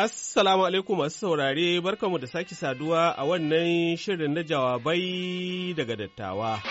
Assalamu alaikum masu saurare barkamu da sake saduwa a wannan shirin na jawabai daga dattawa.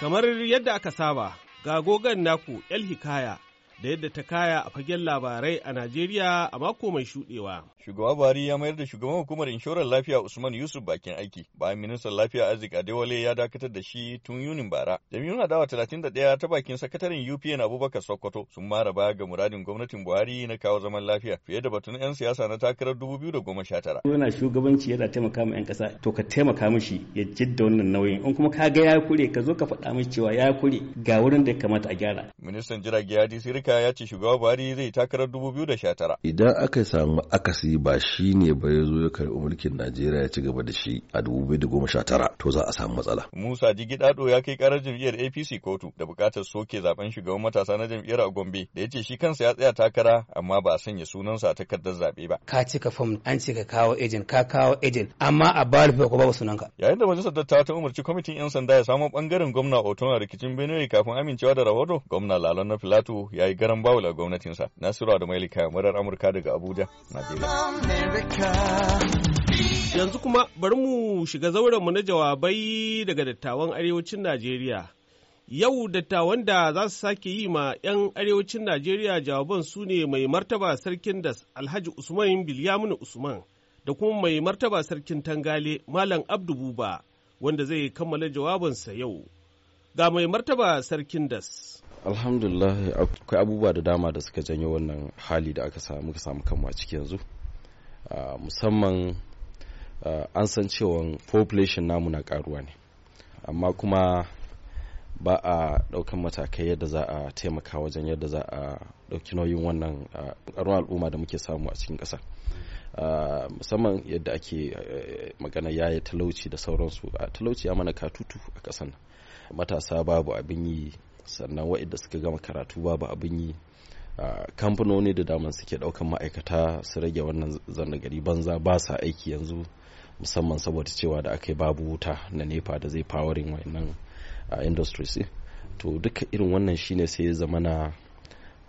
Kamar yadda aka saba, ga gogan naku El Hikaya da yadda ta kaya a fagen labarai a Najeriya a mako mai shudewa. Shugaba Buhari ya mayar da shugaban hukumar inshorar lafiya Usman Yusuf bakin aiki bayan ministan lafiya Azik Adewale ya dakatar da shi tun Yunin bara. Jami'un adawa 31 ta bakin sakataren UPN Abubakar Sokoto sun mara baya ga muradin gwamnatin Buhari na kawo zaman lafiya fiye da batun 'yan siyasa na takarar 2019. Yana shugabanci yana taimaka ma 'yan kasa to ka taimaka mishi ya jidda wannan nauyin in kuma ka ga ya kure ka zo ka faɗa mishi cewa ya kure ga wurin da ya kamata a gyara. Ministan jirage ya sirika Amurka ya ce shugaba Buhari zai takarar 2019. Idan aka samu akasi ba shi ne ba ya zo ya karɓi mulkin Najeriya ya ci gaba da shi a 2019 to za a samu matsala. Musa Jigidado ya kai karar jam'iyyar APC kotu da buƙatar soke zaben shugaban matasa na jam'iyyar a Gombe da ya ce shi kansa ya tsaya takara amma ba a sanya sunansa a takardar zaɓe ba. Ka cika fom an ce ka kawo ejin ka kawo ejin amma a ba rufe ko babu sunanka. Yayin da majalisar dattawa ta umarci kwamitin 'yan sanda ya samo bangaren gwamna Otona rikicin Benue kafin amincewa da rahoto gwamna Lalon na Filato ya yi garan bawula gwamnatinsa nasiru da mailika murar amurka daga abuja najeriya Yanzu kuma bari mu shiga zauren mu na jawabai daga dattawan arewacin Najeriya. Yau dattawan da za su sake yi ma 'yan arewacin Najeriya jawaban su ne mai martaba sarkin das Alhaji Usman Bilyamun Usman da kuma mai martaba sarkin Tangale Malam Abdu Buba wanda zai kammala jawabansa yau. Ga mai martaba sarkin das. alhamdulillah akwai abubuwa da dama da suka janyo wannan hali da aka samu muka samu kanmu a ciki yanzu ah, musamman ah, an san cewa population namu na karuwa ne amma kuma ba a daukan matakai yadda za a taimaka wajen yadda za a dauki nauyin wannan karuwar ah, al'umma da muke samu a cikin ƙasa musamman yadda ake eh, magana yaya talauci da sauransu a talauci ya mana katutu a kasan matasa babu abin yi sannan waɗanda suka gama karatu babu abin yi kamfanoni da daman suke ɗaukan ma'aikata su rage wannan zanagari banza ba sa aiki yanzu musamman saboda cewa da aka yi babu wuta na nepa da zai powering wayannan industries to duka irin wannan shine sai zamana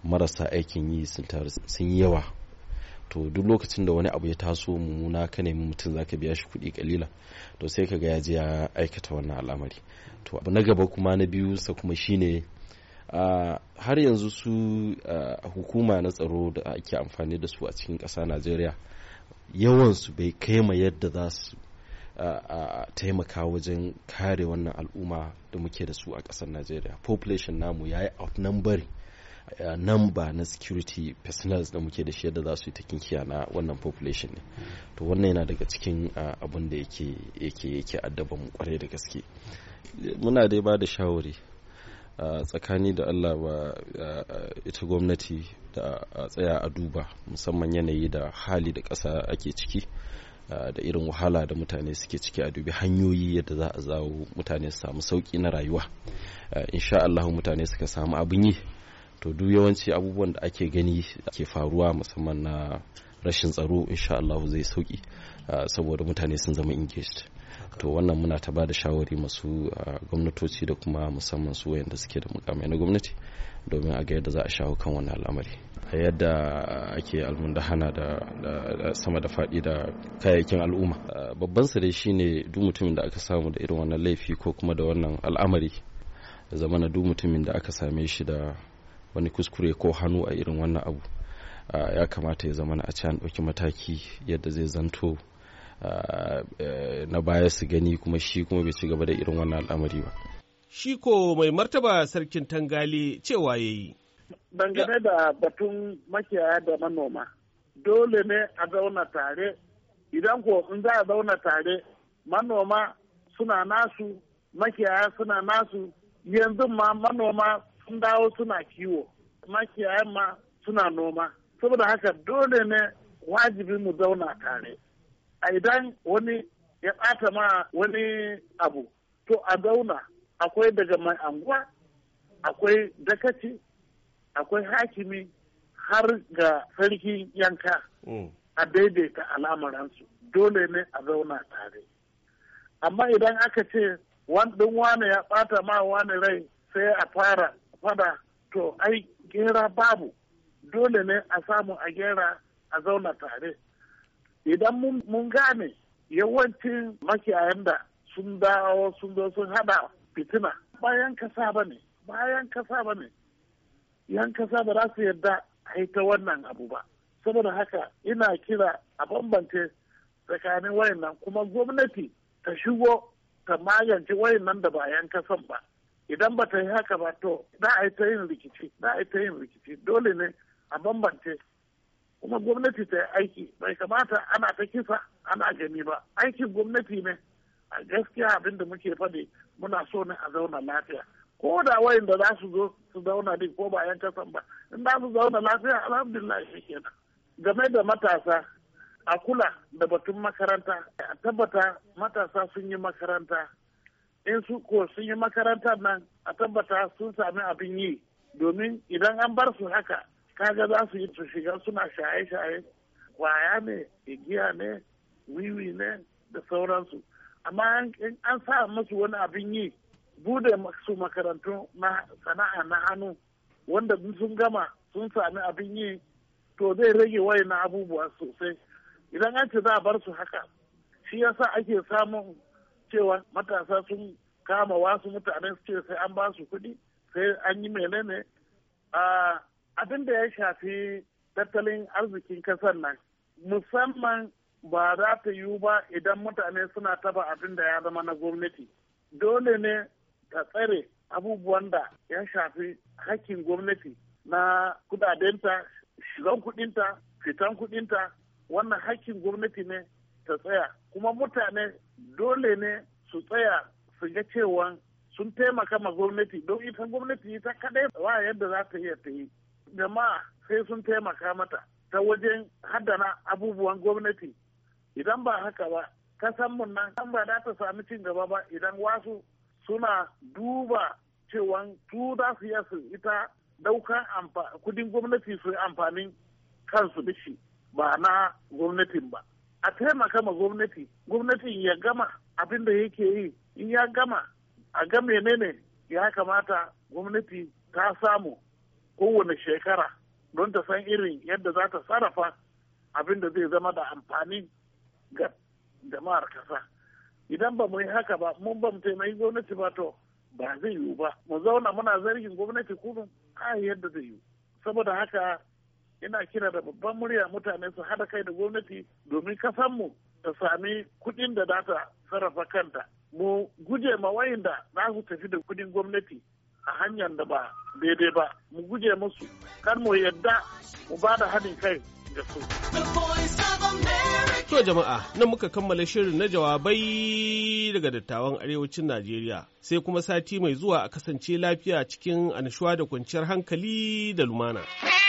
marasa aikin yi sun yi yawa to duk lokacin da wani abu ya taso mummuna ka nemi mutum za ka biya shi kuɗi kalila to sai ka ga ya je ya aikata wannan al'amari to abu na gaba kuma na biyu sa kuma shine ne har yanzu su hukuma na tsaro da ake amfani da su a cikin ƙasa najeriya yawansu bai kai ma yadda za su taimaka wajen kare wannan al'umma da muke da su a ƙasar najeriya population namu ya yi outnumbering namba na security personnel da muke da shi yadda za su yi ta kinkiya na wannan population ne to wannan yana daga cikin abin da yake yake yake addaban mu kwarai da gaske muna dai ba da shawari tsakani da Allah ba ita gwamnati da tsaya a duba musamman yanayi da hali da ƙasa ake ciki da irin wahala da mutane suke ciki a dubi hanyoyi yadda za a zawo mutane su samu sauƙi na rayuwa insha Allah mutane suka samu abin yi to duk yawanci abubuwan da ake gani ke faruwa musamman na rashin tsaro insha Allah zai sauki ah, saboda mutane sun zama engaged to wannan muna ta bada shawari masu ah, gwamnatoci da kuma musamman su wayanda suke da mukamai na gwamnati domin a ga yadda za a shawo kan wannan al'amari a yadda ake almundahana da sama da faɗi da kayayyakin al'umma ah, babban su dai shine duk mutumin da aka samu da irin wannan laifi ko kuma da wannan al'amari zamana duk mutumin da aka same shi da wani kuskure ko hannu a irin wannan abu ya kamata ya zama a can an ɗauki mataki yadda zai zanto e, na baya su gani kuma shi kuma bai ci gaba da irin wannan al'amari ba shi ko mai martaba sarkin tangali cewa ya yi dangane da batun makiyaya da manoma dole ne a zauna tare idan ko in za a zauna tare manoma suna nasu makiyaya suna nasu yanzu ma manoma sun dawo suna kiwo makiyayan ma suna noma saboda haka dole ne wajibi mu zauna tare a idan wani ya ɓata ma wani abu to a zauna akwai daga mai anguwa akwai dakaci akwai hakimi har ga sarki yanka mm. a daidaita al'amuransu dole ne a zauna tare amma idan aka ce ɗin wane ya ɓata ma wani rai sai a fara fada to ai gera babu dole ne a samu a gera a zauna tare idan mun gane yawancin makiyayan da sun dawo sun zo sun hada fitina bayan kasa ba ne bayan kasa ba ne yan kasa ba za su yarda a ta wannan abu ba saboda haka ina kira a bambance tsakanin wayannan kuma gwamnati ta shigo ta magance wayannan da ba yan kasan ba idan ba ta yi haka ba to da a yi ta yin rikici za a yi ta yin rikici dole ne a bambance kuma gwamnati ta yi aiki bai kamata ana ta kisa ana gani ba aikin gwamnati ne a gaskiya abinda da muke faɗi muna so ne a zauna lafiya ko da wayan da za su zo su zauna din ko ba yan kasan ba in za su zauna lafiya alhamdulillah shi kenan game da matasa a kula da batun makaranta a tabbata matasa sun yi makaranta in su ko sun yi makarantar nan a tabbata sun sami abin yi domin idan an bar su haka kaga za su yi su shiga suna shaye-shaye kwaya ne igiya ne wiwi ne da sauransu amma in an sa musu wani abin yi bude su makarantu na sana'a na hannu wanda sun gama sun sami abin yi to zai rage wayan abubuwa sosai idan an ce za a bar su haka shi yasa ake samun cewa matasa sun kama wasu mutane su ce sai an ba su kuɗi sai an yi ne abin da ya shafi tattalin arzikin kasar nan musamman ba za ta yiwu ba idan mutane suna taba abin da ya zama na gwamnati dole ne ta tsare abubuwan da ya shafi hakkin gwamnati na kudadenta shigan kudinta fitan kudinta wannan hakkin gwamnati ne ta tsaya kuma mutane dole ne su tsaya su ga cewa sun taimaka ma gwamnati don ita gwamnati ta kadai ba yadda za ta iya ta yi jama'a sai sun taimaka mata ta wajen haddana abubuwan gwamnati idan ba haka ba kasanmu nan an ba za ta sami cin gaba ba idan wasu suna duba cewa su za su iya su ita daukan kudin gwamnati su amfanin kansu da shi ba na gwamnatin ba a taimaka ma gwamnati gwamnatin ya gama abin da yake yi in ya gama a ga menene ya kamata gwamnati ta samu kowane shekara don ta san irin yadda za ta sarrafa abin da zai zama da amfani ga jama'ar kasa idan ba mu yi haka ba mun ba mu taimaki gwamnati ba to ba zai yiwu ba mu zauna muna zargin gwamnati kuma a yadda zai yiwu saboda haka ina kira da babban murya mutane su hada kai da gwamnati domin kasanmu ta sami kuɗin da za ta sarrafa kanta mu guje ma wayanda za su tafi da kuɗin gwamnati a hanyar da ba daidai ba mu guje musu kan mu yadda mu ba da haɗin kai da su. To jama'a nan muka kammala shirin na jawabai daga dattawan arewacin Najeriya sai kuma sati mai zuwa a kasance lafiya cikin annashuwa da kwanciyar hankali da lumana.